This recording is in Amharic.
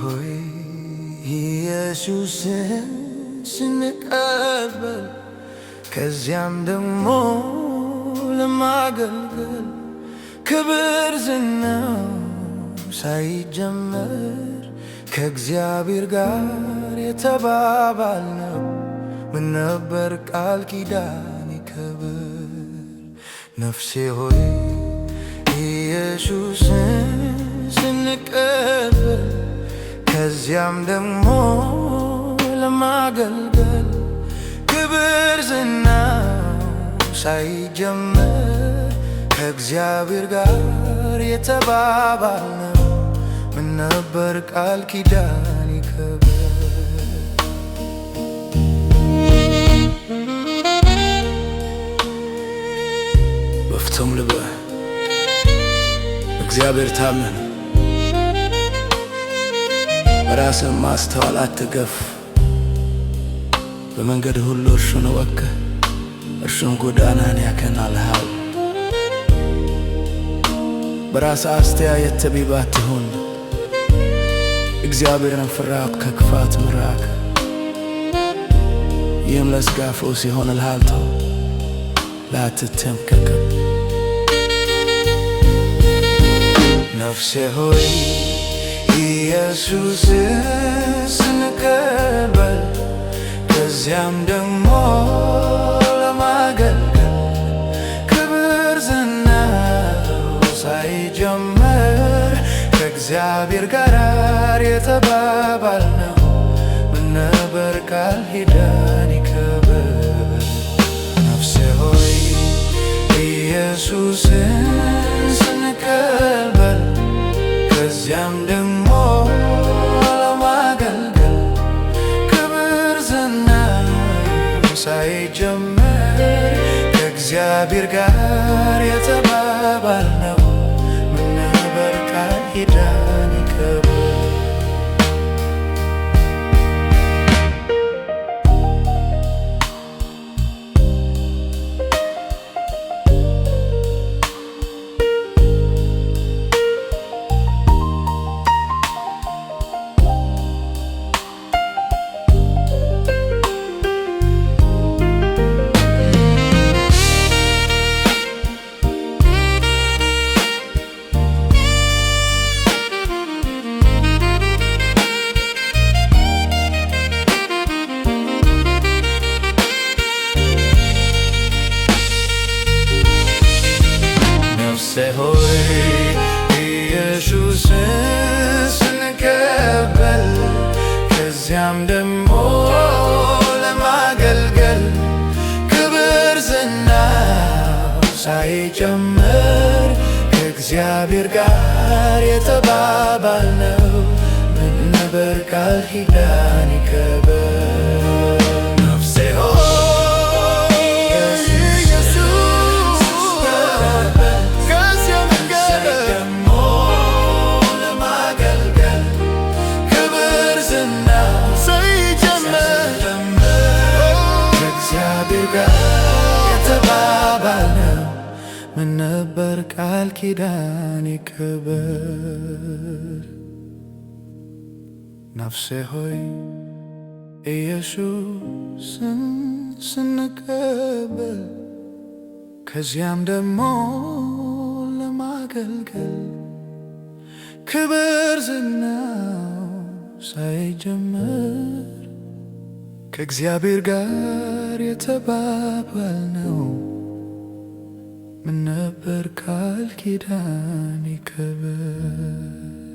ሆይ ኢየሱስን ስንቀበል ከዚያም ደግሞ ለማገልገል ክብር ዝናው ሳይጀመር ከእግዚአብሔር ጋር የተባባልነው ምን ነበር ቃል ኪዳን ይከብር ነፍሴ ሆይ ኢየሱስን ከዚያም ደግሞ ለማገልገል ክብር ዝና ሳይጀመር ከእግዚአብሔር ጋር የተባባለ ምን ነበር ቃል ኪዳን ይከብር በፍቶም ልበ እግዚአብሔር ታመን ራስን ማስተዋል አትገፍ። በመንገድ ሁሉ እርሱን ወቅህ፣ እርሱም ጎዳናን ያቀናልሃል። በራስ አስተያየት ጠቢብ አትሁን፣ እግዚአብሔርን ፍራ፣ ከክፋት ምራቅ። ይህም ለሥጋ ፈውስ ይሆንልሃል። ላትተምከከ ነፍሴ ሆይ ኢየሱስ ስንቀበል ከዚያም ደግሞ ለማገልገል ክብር ዝናው ሳይጀመር ከእግዚአብሔር ጋር የተባባልነው ምን ነበር ቃል ኪዳን ይከበር ነፍሴ ሆይ ኢየሱስ ሳይጀመር ከእግዚአብሔር ጋር የተባባልነው se hoy ኢየሱስን ስንቀበል ከዚያም ደግሞ ለማገልገል ክብር ዝና ሳይጨምር ከእግዚአብሔር ጋር የተባባልነው ምን ነበር ቃል ኪዳን ይከብ ፍቅር ቃል ኪዳን ይክበር። ነፍሴ ሆይ ኢየሱስን ስንቀበል ከዚያም ደግሞ ለማገልገል ክብር ዝናው ሳይጀምር ከእግዚአብሔር ጋር የተባባል ነው። ምን ነበር ቃል ኪዳን ይከበር